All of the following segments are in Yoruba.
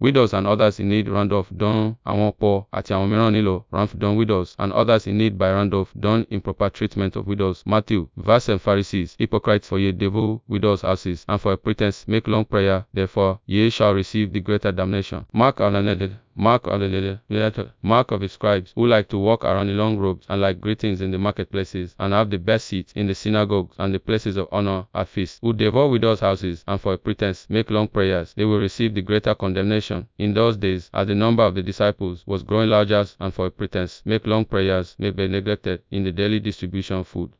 Widows and others in need Randolph Dunn àwọn pọ àti àwọn mìíràn nílò don widows and others in need by Randolph don improper treatment of widows Matthew verse and Pharisees hypocrites for ye devil widows houses and for a pretense make long prayer therefore ye shall receive the greater damnation. Mark another Mark of the Mark of the scribes who like to walk around in long robes and like greetings in the marketplaces and have the best seats in the synagogues and the places of honor at feasts, who devour widows' houses and for a pretense make long prayers, they will receive the greater condemnation in those days, as the number of the disciples was growing larger and for a pretense, make long prayers may be neglected in the daily distribution of food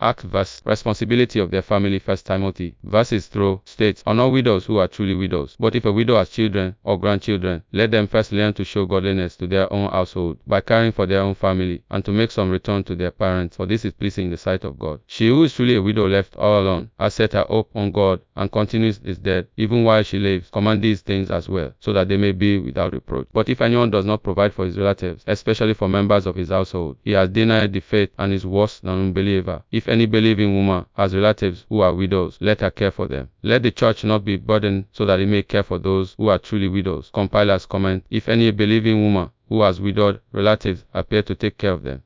act verse responsibility of their family first timothy verses through states honor widows who are truly widows but if a widow has children or grandchildren let them first learn to show godliness to their own household by caring for their own family and to make some return to their parents for this is pleasing in the sight of god she who is truly a widow left all alone has set her hope on god and continues is dead even while she lives command these things as well so that they may be without reproach but if anyone does not provide for his relatives especially for members of his household he has denied the faith and is worse than an unbeliever if any believing woman has relatives who are widows, let her care for them. Let the church not be burdened so that it may care for those who are truly widows. Compilers comment, if any believing woman who has widowed relatives appear to take care of them.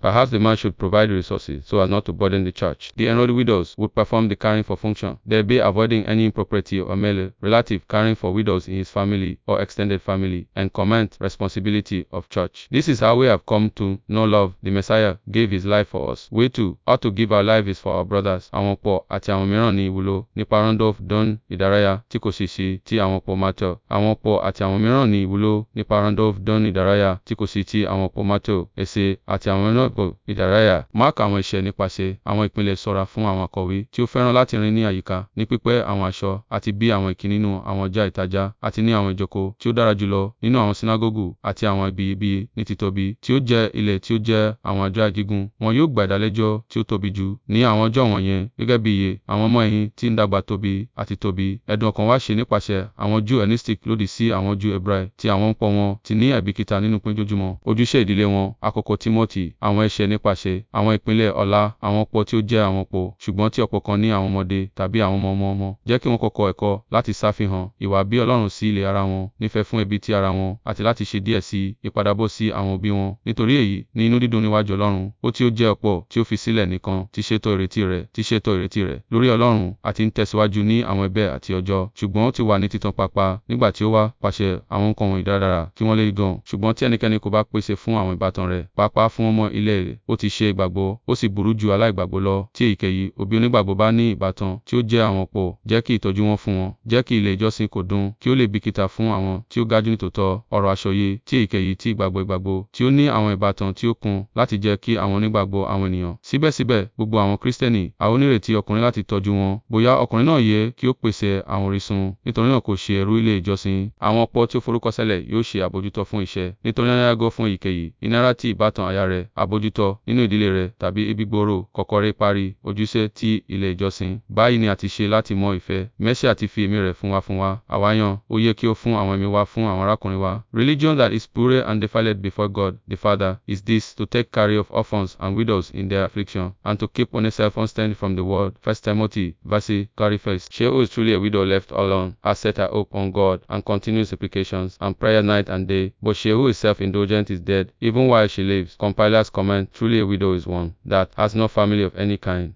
Perhaps the man should provide resources so as not to burden the church. The enrolled widows would perform the caring for function, thereby avoiding any impropriety or male relative caring for widows in his family or extended family and comment responsibility of church. This is how we have come to know love. The Messiah gave his life for us. We too ought to give our lives for our brothers. Àwọn ọ̀pọ̀ àti àwọn mìíràn ní ìwúlò Don Ìdárayá tí kò sì sí ti ọ̀pọ̀ Matthew. Àwọn ọ̀pọ̀ àti ní ìwúlò Don Ìdárayá tí kò sì ti àwọn ọ̀pọ̀ Matthew. Èsè àti àwọn ìdàgbàgbọ́, ìdárayá. Máàkì àwọn iṣẹ́ nípasẹ̀ àwọn ìpìlẹ̀ ṣọ́ra fún àwọn akọ̀wé tí ó fẹ́ràn láti rìn ní àyíká, ní pípẹ́ àwọn aṣọ àti bí àwọn ìkíni nínú àwọn ọjà ìtajà àti ní àwọn ìjókòó tí ó dára jùlọ nínú àwọn sínágọ́gù àti àwọn ibi ibi ní títóbi tí ó jẹ́ ilẹ̀ tí ó jẹ́ àwọn àdúrà gígùn. Wọn yóò gba ìdálẹ́jọ́ tí ó tóbi jù ní àwọn ọjọ́ wọ̀nyẹn gẹ́gẹ́ bí iye àwọn ọmọ ẹ̀yìn tí ń dàgbà tóbi àti tóbi. Ẹ̀dùn ọkàn wa ṣe nípasẹ̀ àwọn Júù Hellenistic lòdì sí àwọn Júù Hebraì tí àwọn ń pọ̀ wọn ti ní àìbìkítà nínú pínjojúmọ́, ojúṣe ìdílé wọn, àkókò Tímótì, àwọn àwọn ẹ̀ṣẹ̀ nípasẹ̀ àwọn ìpínlẹ̀ ọ̀la, àwọn ọ̀pọ̀ tí ó jẹ́ àwọn ọ̀pọ̀, ṣùgbọ́n tí ọ̀pọ̀ kan ní àwọn ọmọdé tàbí àwọn ọmọ ọmọ ọmọ. Jẹ́ kí wọn kọ́kọ́ ẹ̀kọ́ láti ṣàfihàn ìwà bí Ọlọ́run sí ilé ara wọn, nífẹ̀ẹ́ fún ẹbí ti ara wọn, àti láti ṣe díẹ̀ sí ìpadàbọ̀ sí àwọn òbí wọn. Nítorí èyí ni inú dídùn níwájú Ọlọ́run, ó tí ó jẹ́ ọ̀pọ̀ tí ó fi sílẹ̀ nìkan ti ṣètò ìrètí rẹ̀, ti ṣètò ìrètí rẹ̀ lórí Ọlọ́run àti ń tẹ̀síwájú ní àwọn ẹ̀bẹ̀ àti ọjọ́, ṣùgbọ́n ó ti wà ní títan pàápàá nígbà tí ó wá pàṣẹ àwọn nǹkan wọ̀nyí dáradára kí wọ́n lè gan, ṣùgbọ́n tí ẹnikẹ́ni kò bá pèsè fún àwọn ìbátan rẹ̀, pàápàá fún ọmọ ilé sílẹ̀, ó ti ṣe ìgbàgbọ́, ó sì burú ju aláìgbàgbọ́ lọ. Tí èyíkéyìí òbí onígbàgbọ́ bá ní ìbátan tí ó jẹ́ àwọn ọ̀pọ̀, jẹ́ kí ìtọ́jú wọn fún wọn, jẹ́ kí ilé ìjọsìn kò dùn, kí ó lè bìkítà fún àwọn tí ó gájú nítòótọ́, ọ̀rọ̀ àsọyé, tí èyíkéyìí tí ìgbàgbọ́ ìgbàgbọ́, tí ó ní àwọn ìbátan tí ó kún láti jẹ́ kí àwọn onígbàgbọ́ àwọn ènìyàn. Síbẹ̀síbẹ̀, gbogbo àwọn Kristẹni, a ó nírètí ọkùnrin láti tọ́jú wọn, bóyá ọkùnrin náà yẹ kí ó pèsè àwọn orísun, nítorí náà kò ṣe ẹrú ilé ìjọsìn. Àwọn ọ̀pọ̀ tí ó forúkọsílẹ̀ yóò ṣe àbójútó àmójútó nínú ìdílé rẹ tàbí ibi gbòòrò kọ́kọ́rẹ́ parí ojúṣe ti ilé ìjọsìn. Báyìí ni a ti ṣe láti mọ ìfẹ́. Mercy àti fi ẹ̀mí rẹ̀ fún wa fún wa. Àwa yan, ó yẹ kí ó fún àwọn ẹ̀mí wa fún àwọn arákùnrin wa. Religion that is pure and defiled before God, the Father, is this, to take care of orphans and widows in their affliction, and to keep oneself unstained from the world. First Timothy, verse clarifies. She who is truly a widow left alone has set her hope on God and continuous supplications and prayer night and day. But she who is self-indulgent is dead, even while she lives. Compilers comment truly a widow is one that has no family of any kind.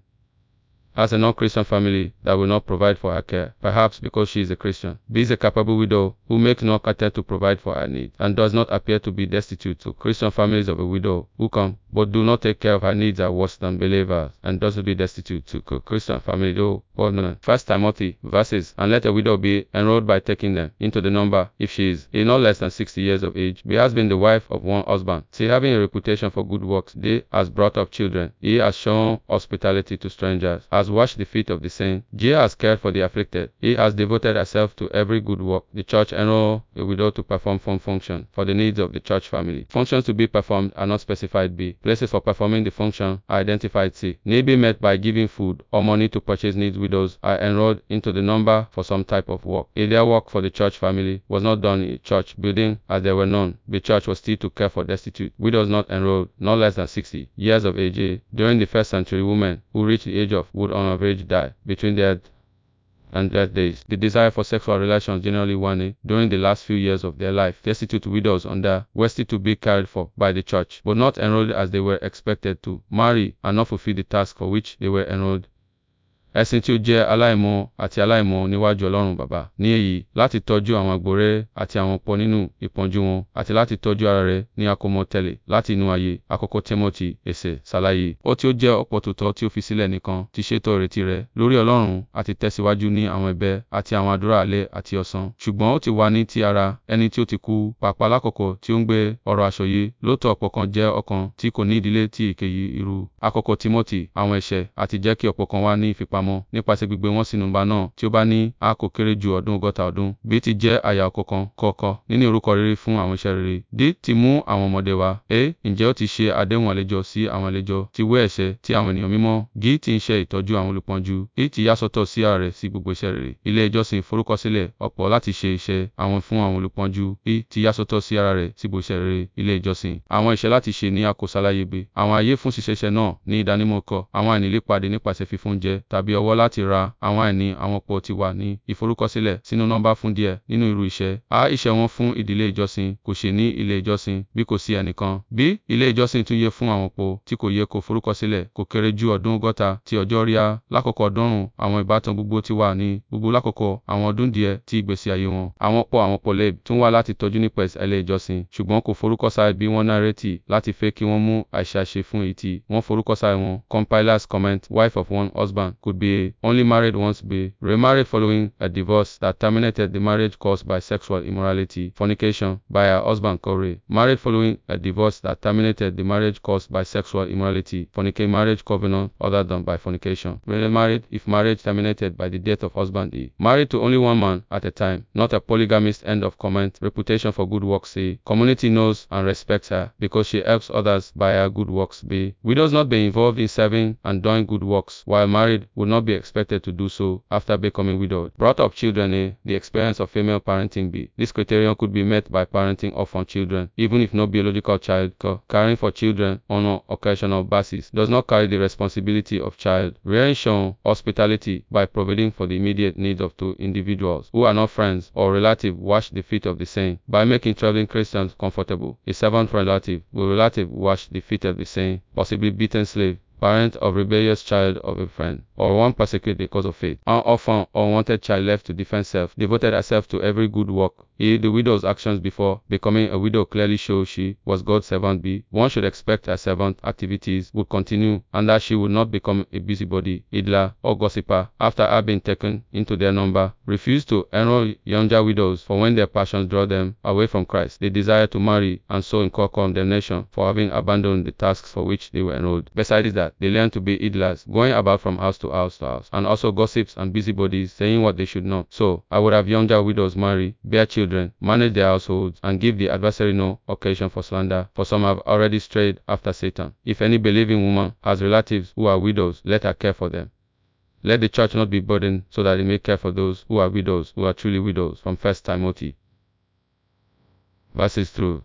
As a non-Christian family that will not provide for her care, perhaps because she is a Christian. B is a capable widow who makes no attempt to provide for her needs and does not appear to be destitute to Christian families of a widow who come but do not take care of her needs are worse than believers and does not be destitute to Christian family though. Or oh, none. First Timothy verses and let a widow be enrolled by taking them into the number if she is in not less than 60 years of age. B has been the wife of one husband. C having a reputation for good works. D has brought up children. E has shown hospitality to strangers. Has has washed the feet of the saint. J has cared for the afflicted. He has devoted herself to every good work. The church enrolled a widow to perform some function for the needs of the church family. Functions to be performed are not specified B. Places for performing the function are identified C. Need be met by giving food or money to purchase needs widows are enrolled into the number for some type of work. If their work for the church family was not done in church building as there were none, the church was still to care for destitute. Widows not enrolled, not less than 60 years of age. During the first century, women who reached the age of would on average die between their and death days. The desire for sexual relations generally waned during the last few years of their life. Destitute widows under were still to be cared for by the church, but not enrolled as they were expected to. Marry and not fulfill the task for which they were enrolled. ẹ̀sìn tí ó jẹ́ aláìmọ́ àti aláìmọ́ níwájú Ọlọ́run Bàbá. Ní èyí, láti tọ́jú àwọn àgbòrẹ́ àti àwọn ọ̀pọ̀ nínú ìpọ́njú wọn, àti láti tọ́jú ara rẹ̀ ní àkómọ́ tẹ́lẹ̀ láti inú ayé. Àkọ́kọ́ Tímọ́tì ẹsẹ̀ ṣàlàyé. Ó tí ó jẹ́ ọ̀pọ̀ tòótọ́ tí ó fi sílẹ̀ nìkan ti ṣètò ìrètí rẹ̀ lórí Ọlọ́run àti tẹ̀síwájú ní àwọn ẹ̀bẹ̀ àti àwọn àdúrà alẹ́ àti ọ̀sán. Ṣùgbọ́n ó ti wà ní ti ara ẹni tí ó ti kú, pàápàá lákòókò tí ó ń gbé ọ̀rọ̀ àsọyé. Lóòótọ́ ọ̀pọ̀ kan jẹ́ ọkàn tí kò ní ìdílé ti èkéyìí irú. Àkọ́kọ́ Tímọ́tì àwọn ẹ̀ṣẹ̀ àti jẹ́ kí ọ̀pọ̀ kan wà ní ìfipamọ́ pamọ́ nípasẹ̀ gbígbé wọn sínú ọgbà náà tí ó bá ní a kò kéré ju ọdún ọgọ́ta ọdún. B ti jẹ́ àyà ọ̀kọ̀ọ̀kan kọ̀ọ̀kan nínú orúkọ rere fún àwọn iṣẹ́ rere. D ti mú àwọn ọmọdé wa. E ǹjẹ́ ó ti ṣe àdéhùn àlejò sí àwọn àlejò ti wẹ ẹ̀ṣẹ̀ ti àwọn ènìyàn mímọ́. G ti ń ṣe ìtọ́jú àwọn olùpọ́njú. E ti yàsọ́tọ̀ sí ara rẹ̀ sí gbogbo iṣẹ́ rere. Ilé ìjọsìn forúkọsílẹ̀ ọ̀pọ̀ láti ṣe iṣẹ́ àwọn fún àwọn olùpọ́njú. E ti yàsọ́tọ̀ sí ara rẹ̀ sí gbogbo iṣẹ́ rere. Ilé ìjọsìn. Àwọn iṣẹ́ láti ṣe ní àkọsáláyébé. Àwọn ààyè fún ṣíṣe iṣẹ́ náà ní ìdánimọ̀ ọkọ̀. Àwọn àìnílépàdé nípasẹ̀ ọwọ́ láti ra àwọn àìní àwọn ọ̀pọ̀ ti wà ní ìforúkọsílẹ̀ sínú nọ́mbà fún díẹ̀ nínú irú iṣẹ́. A iṣẹ́ wọn fún ìdílé ìjọsìn kò ṣe ní ilé ìjọsìn bí kò sí ẹnìkan. B ilé ìjọsìn tún yẹ fún àwọn ọ̀pọ̀ tí kò yẹ kó forúkọsílẹ̀ kò kéré ju ọdún ọgọ́ta ti ọjọ́ ríà lákòókò ọdọ́rùn àwọn ìbátan gbogbo ti wà ní gbogbo lákòókò àwọn ọdún díẹ̀ ti ìgbésí ayé wọn. Àwọn ọ̀pọ̀ àwọn ọ̀pọ̀ lè tún wá láti tọ́jú nípa ilé ìjọsìn ṣùgbọ́n kò forúkọsílẹ̀ bí wọ́n náà retí láti fẹ́ kí wọ́n mú àìṣàṣe fún èyí tí wọ́n forúkọsílẹ̀ wọn. Compilers comment wife of one husband could be only married once Be remarried following a divorce that terminated the marriage caused by sexual immorality, fornication by her husband Corey, married following a divorce that terminated the marriage caused by sexual immorality, fornication, marriage covenant other than by fornication, remarried if marriage terminated by the death of husband E, married to only one man at a time, not a polygamist end of comment, reputation for good works C, community knows and respects her because she helps others by her good works B, widows not be involved in serving and doing good works while married would would not be expected to do so after becoming widowed. Brought up children A. Eh, the experience of female parenting B. This criterion could be met by parenting orphan children, even if no biological child. Caring for children on an occasional basis does not carry the responsibility of child. Rearing shown hospitality by providing for the immediate needs of two individuals who are not friends or relative wash the feet of the same. By making traveling Christians comfortable, a servant relative will relative wash the feet of the same, possibly beaten slave parent of rebellious child of a friend, or one persecuted because of faith, an orphan or wanted child left to defend self, devoted herself to every good work. A. The widow's actions before becoming a widow clearly show she was God's servant. B. One should expect her servant activities would continue and that she would not become a busybody, idler, or gossiper after her being taken into their number. Refuse to enroll younger widows for when their passions draw them away from Christ. They desire to marry and so incur condemnation for having abandoned the tasks for which they were enrolled. Besides that, that they learn to be idlers, going about from house to house to house, and also gossips and busybodies saying what they should know. So, I would have younger widows marry, bear children, manage their households, and give the adversary no occasion for slander, for some have already strayed after Satan. If any believing woman has relatives who are widows, let her care for them. Let the church not be burdened, so that it may care for those who are widows, who are truly widows, from 1 Timothy. Verses through.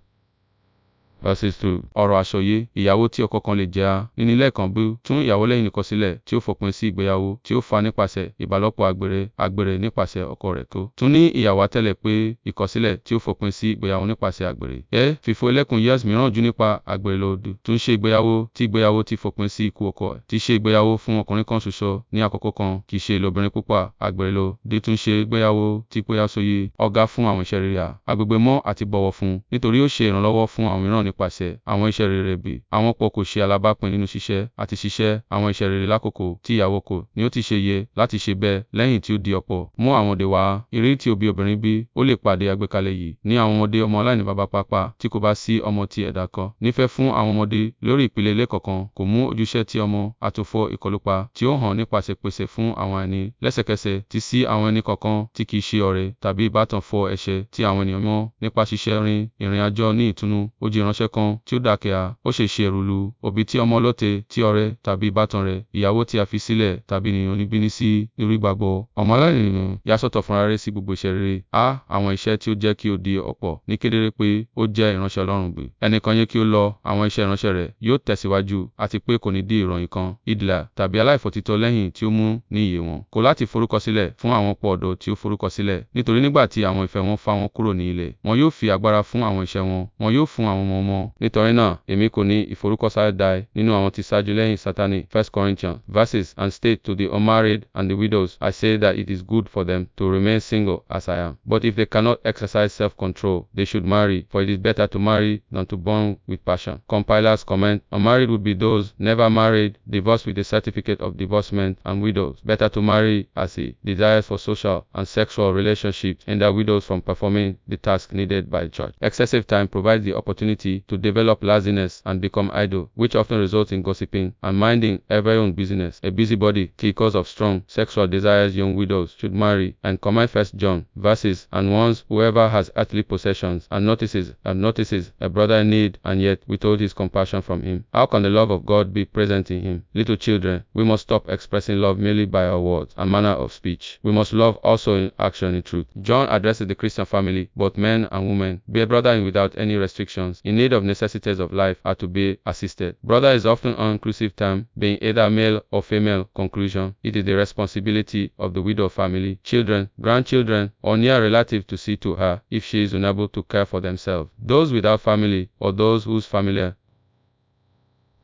verses two. Ọ̀rọ̀ àsọyé. Ìyàwó tí ọkọ kan lè jẹ́ nínilẹ́ẹ̀kan bú. Tún ìyàwó lẹ́yìn ìkọsílẹ̀ tí ó fòpin sí ìgbéyàwó tí ó fa nípasẹ̀ ìbálòpọ̀ àgbèrè àgbèrè nípasẹ̀ ọkọ rẹ̀ kó. Tún ní ìyàwó àtẹ̀lẹ̀ pé ìkọsílẹ̀ tí ó fòpin sí ìgbéyàwó nípasẹ̀ àgbèrè. Ẹ fìfo ẹlẹ́kùn years mìíràn jù nípa àgbèrè lòdù. Tún ṣe ìgbéyàwó tí ìgbéyàwó ti fòpin sí ikú ọkọ ẹ̀. Ti ṣe ìgbéyàwó fún ọkùnrin kan ṣoṣo ní àkókò kan kì í ṣe lóbìnrin púpà. Àgbèrè lòdì tún ṣe ìgbéyàwó tí ìgbéyàwó sóyè. Ọ̀gá fún àwọn iṣẹ́ rírà. Agbègbè mọ́ àti bọ̀wọ̀ fún nítorí ó ṣe ìrànlọ́wọ́ fún àwọn mìíràn nípasẹ̀ àwọn iṣẹ́ rere bí àwọn ọ̀pọ̀ kò ṣe alábápín nínú ṣíṣẹ́ àti ṣíṣe àwọn iṣẹ́ rere lákòókò tí ìyàwó kò ní ó ti ṣe yẹ láti ṣe bẹ́ẹ̀ lẹ́yìn tí ó di ọ̀pọ̀. Mú àwọn òde wá. Ìrírí tí òbí obìnrin bí ó lè pàdé àgbékalẹ̀ yìí ní àwọn ọmọdé ọmọ aláìní baba pàápàá tí kò bá sí ọmọ ti ẹ̀dá kan. Nífẹ̀ẹ́ fún àwọn ọmọdé lórí ìpele ilé kọ̀ọ̀kan kò mú ojúṣe ti ọmọ àtòfọ̀ ìkọlùpá tí ó hàn nípasẹ̀ pèsè fún àwọn àìní lẹ́sẹ̀kẹsẹ̀ ti sí àwọn ẹni kọ̀ọ̀kan tí kì í ṣe ọ̀rẹ́ tàbí ìbátan fọ ẹ̀ṣẹ̀ ti àwọn ènìyàn mọ́ nípa ṣíṣe rin ìrìn àjò ní ìtùnú. Ó jí ìránṣẹ́ ọṣẹ kan tí ó dàkíá, ó ṣe ṣe ẹ̀rúlú, òbí tí ọmọ ọlọ̀tẹ̀ tí ọ̀rẹ́ tàbí ìbátan rẹ̀, ìyàwó tí a fi sílẹ̀ tàbí ènìyàn inúnibíni sí nítorí ìgbàgbọ́, ọmọ aláìníran, yà sọ́tọ̀ fúnra rẹ̀ sí gbogbo iṣẹ́ rere. a. Àwọn iṣẹ́ tí ó jẹ́ kí ó di ọ̀pọ̀ ní kedere pé ó jẹ́ ìránṣẹ́ Ọlọ́run gbè. Ẹnìkan yẹ kí ó lọ, àwọn iṣẹ́ ìránṣẹ́ rẹ̀ yóò tẹ̀síwájú àti pé kò ní di ìròyìn kan, ìdìlà tàbí aláìfòtítọ́ lẹ́yìn tí ó mú ní ìyè wọn. Kọ̀ láti forúkọsílẹ̀ fún àwọn ọ̀pọ̀ ọ̀dọ́ tí ó forúkọsílẹ̀, nítorí nígbà tí àwọn ìfẹ́ wọn fà wọ́n kúrò ní ilẹ̀, wọn yóò fi agbára fún àwọn iṣẹ́ wọn, wọn yóò fún àwọn ọmọ mọ́. Nítorí náà, èmi kò ní ìforúkọsílẹ̀ dáì nínú àwọn tí ṣáájú lẹ́yìn Sátánì. 1 Corinthians verses and state to the unmarried and the widows, I say that it is good for them to remain single as I am. But if they cannot exercise self-control, they should marry, for it is better to marry than to burn with passion. Compilers comment, unmarried would be those never married, divorced with a certificate of divorcement, and widows. Better to marry as he desires for social and sexual relationships hinder widows from performing the task needed by the church. Excessive time provides the opportunity to develop laziness and become idle, which often results in gossiping and minding everyone's business. A busybody, key cause of strong sexual desires young widows should marry and command first John verses and ones whoever has earthly possessions and notices and notices a brother in need and yet withhold his compassion from him. How can the love of God be present in him? Little children, we must stop expressing love merely by our words and manner of speech. We must love also in action in truth. John addresses the Christian family, both men and women. Be a brother in without any restrictions. In need knowledge of necessities of life are to be assisted. Brother is often an inclusive term, being either male or female. Conclusion It is the responsibility of the widow family, children, grandchildren, or near relative to see to her if she is unable to care for themselves. Those without family, or those whose familiar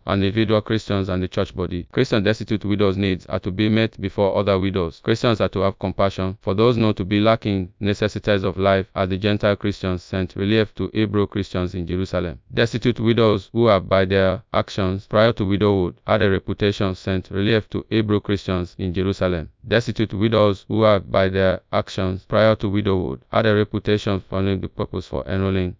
and individual Christians and the church body. Christian destitute widows' needs are to be met before other widows. Christians are to have compassion for those known to be lacking necessities of life as the Gentile Christians sent relief to Hebrew Christians in Jerusalem. Destitute widows who are by their actions prior to widowhood had a reputation sent relief to Hebrew Christians in Jerusalem. Destitute widows who are by their actions prior to widowhood had a reputation for the purpose for enrolling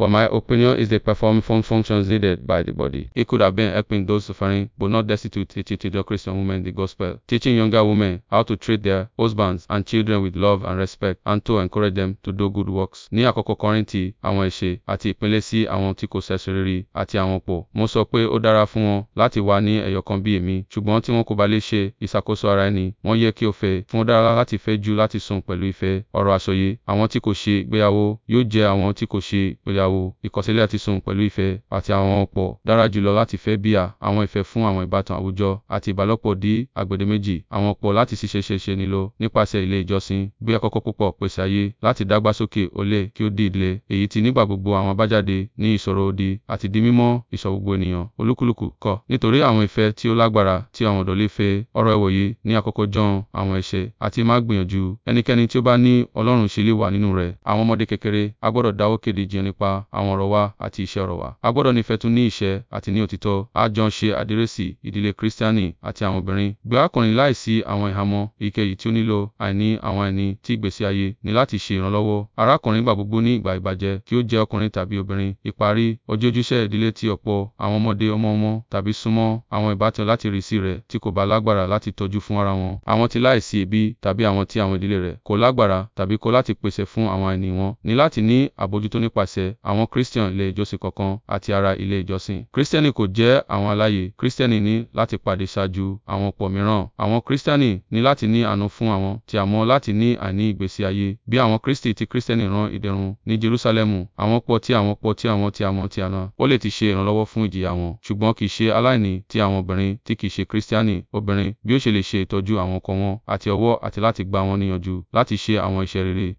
But my opinion is they perform fun- functions needed by the body. It could have been helping those suffering, but not destitute teaching to Christian women the gospel, teaching younger women how to treat their husbands and children with love and respect, and to encourage them to do good works. Ní àkọ́kọ́ Kọ́ríńtì, àwọn ẹ̀ṣẹ̀ àti ìpínlẹ̀ sí àwọn tí kò ṣẹ̀ṣẹ̀ rírí àti àwọn pọ̀. Mo sọ pé ó dára fún wọn láti wà ní ẹ̀yọ̀ kan bí èmi, ṣùgbọ́n tí wọn kò bá lè ṣe ìṣàkóso ara ẹni, wọ́n yẹ kí o fẹ́. Fún ó dára láti fẹ́ ju láti sùn pẹ̀lú ìfẹ́, ọ̀rọ̀ àsọyé. Àwọn tí kò ṣe ìgbéyàwó yóò jẹ́ àwọn tí kò ṣe ìgbéyàwó ìgbéyàwó, ìkọ̀sílẹ̀ sísun pẹ̀lú ìfẹ́ àti àwọn ọ̀pọ̀ dára jùlọ láti fẹ́ bíà àwọn ìfẹ́ fún àwọn ìbátan àwùjọ àti ìbálòpọ̀ dí àgbèdéméjì àwọn ọ̀pọ̀ láti ṣiṣẹ́ṣeṣe nílò nípasẹ̀ ilé ìjọsìn bí àkókò púpọ̀ pèsè ààyè láti dàgbàsókè olè kí ó di ìdílé èyí tí nígbà gbogbo àwọn àbájáde ní ìṣòro òdì àti di mímọ́ ìṣọ̀ gbogbo ènìyàn olúkúlùkù kọ́ nítorí àwọn ìfẹ́ tí ó lágbára tí àwọn ọ̀dọ́ lè fẹ́ ọ̀rọ̀ ìwòye ní àkókò John àwọn ẹ̀ṣẹ̀ àti má gbìyànjú ẹnikẹ́ni tí ó bá ní Ọlọ́run ṣe lè wà nínú rẹ̀ àwọn ọmọdé kékeré a gbọ́dọ̀ dáwọ́ kéde nípa wa, àwọn ọ̀rọ̀ wa àti iṣẹ́ ọ̀rọ̀ wa. A gbọ́dọ̀ nífẹ̀ẹ́ tún ní iṣẹ́ àti ní òtítọ́. A jọ ń ṣe àdírẹ́sì ìdílé Kírísítánì àti àwọn obìnrin. Gbé ọkùnrin láìsí àwọn ìhámọ́ èyíkéyìí tí ó nílò, àìní àwọn ẹni tí ìgbésí ayé ní láti ṣe ìrànlọ́wọ́. Arákùnrin ìgbà gbogbo ní ìgbà ìbàjẹ́ kí ó jẹ́ ọkùnrin tàbí obìnrin. Ìparí, ó jẹ́ ojúṣe ìdílé tí ọ̀pọ̀ àwọn ọmọdé ọmọ wọn tàbí súnmọ́ àwọn ìbátan láti rí sí rẹ̀ tí kò bá lágbára láti tọ́jú fún ara wọn. Àwọn tí láìsí ẹbí tàbí àwọn tí àwọn ìdílé rẹ̀ kò lágbára tàbí kọ̀ láti pèsè fún àwọn àìní wọn ní láti ní àbójútó nípasẹ̀ àwọn Christian ilé ìjọsìn kọ̀ọ̀kan àti ara ilé ìjọsìn. Kristiani kò jẹ́ àwọn aláyè. Kristiani ní láti pàdé ṣáájú àwọn ọ̀pọ̀ mìíràn. Àwọn Kristiani ní láti ní àánú fún àwọn tí a mọ̀ láti ní àìní ìgbésí ayé. Bí àwọn Kristi ti Kristiani ran ìdẹ̀rùn ní Jerusalẹmu, àwọn ọ̀pọ̀ tí àwọn ọ̀pọ̀ tí àwọn tí a mọ̀ tí a ná, ó lè ti ṣe ìrànlọ́wọ́ fún ìjìyà wọn. Ṣùgbọ́n kì í ṣe aláìní ti àwọn obìnrin tí kì í ṣe Kristiani. Obìnrin bí ó ṣe lè ṣe ìtọ́jú àwọn ọkọ wọn àti ọ̀wọ̀ àti láti gbà wọ́n níyànjú láti ṣe àwọn iṣẹ́ rere.